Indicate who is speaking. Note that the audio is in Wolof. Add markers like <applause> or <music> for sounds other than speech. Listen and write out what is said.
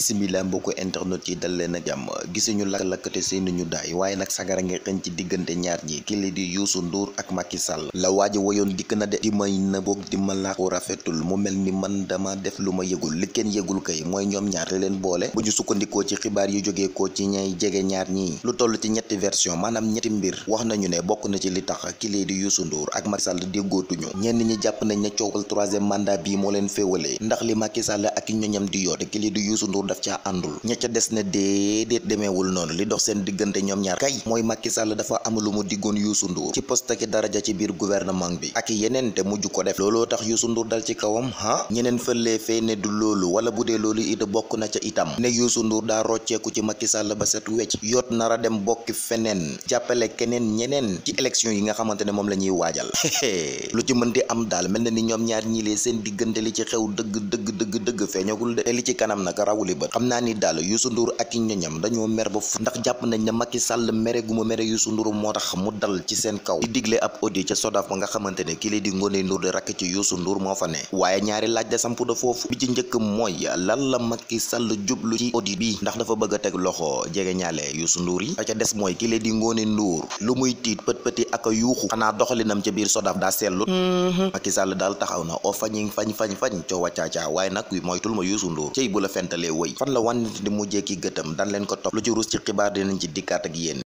Speaker 1: bisimila mbokku internet yi dal leen a jàmm gisuñu lakk-lakk te seeni ñu daay waaye nag sagara nga xëñ ci diggante ñaar ñi ki di Youssou Ndour ak Macky Sall na de di may na boog di ma mu mel ni man dama def lu ma yëgul li kenn yëgul kay mooy ñoom ñaar leen boole bu ñu sukkandikoo ci xibaar yu jógee ko ci ñay jege ñaar ñii lu toll ci ñetti version maanaam ñetti mbir wax nañu ne bokk na ci li tax ki li di Youssou Ndour ak Macky Sall déggootuñu ñenn ñi jàpp nañ coowal troisième mandat bii moo leen féewale ndax li Macky Sall ak ñoñam di yoote ki di Youssou Ndour daf caa àndul ña ca des ne déedéet demeewul noonu li dox seen diggante ñoom ñaar kay mooy Macky dafa am lu mu diggoon Youssou Ndour ci poste daraja ci biir gouvernement bi ak yeneen te mujj ko def looloo tax Youssou Ndour dal ci kawam ah ñeneen fëlee fee ne du loolu wala bu dee loolu it bokk na ca itam ne Youssou Ndour daa rocceeku ci Macky ba set wecc yoot nara dem bokki feneen jàppale keneen ñeneen ci élection yi nga xamante ne moom la ñuy <laughs> xam naa ni daal Youssou Ndour ak i dañoo mer ba fu ndax jàpp nañ ne Macky mere gu mu mere Youssou Ndour moo tax mu dal ci seen kaw di digle ab audit ca Sodav ba nga xamante ne kii di Ngoné Ndour da foofu bi ci njëkk mooy la Macky Sall jublu ci audit bi ndax dafa bëgg a teg loxo jege ñaale Youssou Ndour yi ca des mooy kii li di Ngoné Ndour lu muy tiit pët pëti ak a yuuxu xanaa doxalinam ca biir Sodav daa seetlu mm-hmm. Macky Sall daal taxaw na o fañi fañ fañ fañ coo wàccaacaa waaye nag moytul ma Youssou Ndour cey bu la fentalee wëy fan la wànnit di mujjee ki gëtëm dan leen ko topp lu ci ruus ci xibaar dinañ ci dikkaat ak yéen